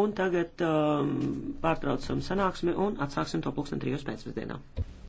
Un tagad um, pārtraucam sanāksmi un atsāksim to pulksten trijos pēcpusdienā.